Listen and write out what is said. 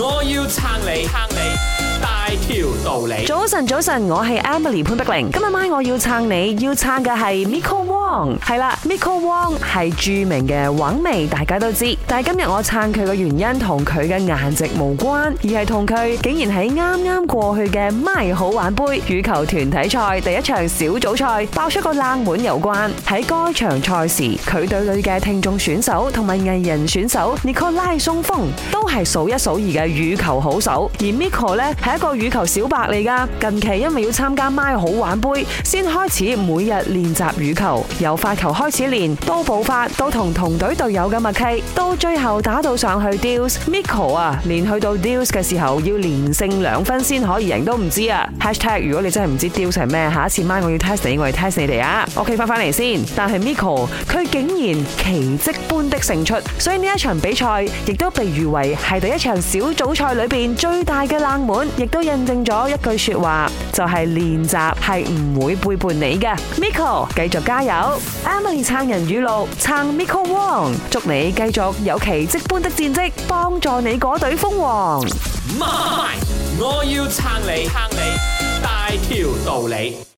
我要撐你撐你大條道理。早晨早晨，我係 Emily 潘碧玲。今日 My 我要撐你，要撐嘅係 Michael Wong。係啦，Michael Wong 係著名嘅畫味，大家都知。但係今日我撐佢嘅原因同佢嘅顏值無關，而係同佢竟然喺啱啱過去嘅 My 好玩杯羽球團體賽第一場小組賽爆出個冷門有關。喺該場賽時，佢隊裏嘅聽眾選手同埋藝人選手 Nicola 松風都係數一數二嘅。羽球好手，而 Miko 咧係一個羽球小白嚟噶，近期因為要參加 My 好玩杯，先開始每日練習羽球，由發球開始練，到步法，到同同隊隊友嘅默契，到最後打到上去 deuce Miko 啊，連去到 deuce 嘅時候，要連勝兩分先可以贏，都唔知啊。hashtag 如果你真係唔知 deuce 係咩，下一次 My 我要 test 你，我哋 test 你哋啊。OK 翻返嚟先，但係 Miko 佢竟然奇迹般的勝出，所以呢一場比賽亦都被譽為係第一場小組賽裏邊最大嘅冷門，亦都印證咗一句說話，就係練習係唔會背叛你嘅。Michael 繼續加油，Emily 撐人語錄撐 Michael Wong，祝你繼續有奇迹般的戰績，幫助你嗰隊封王。媽咪，我要撐你，撐你大條道理。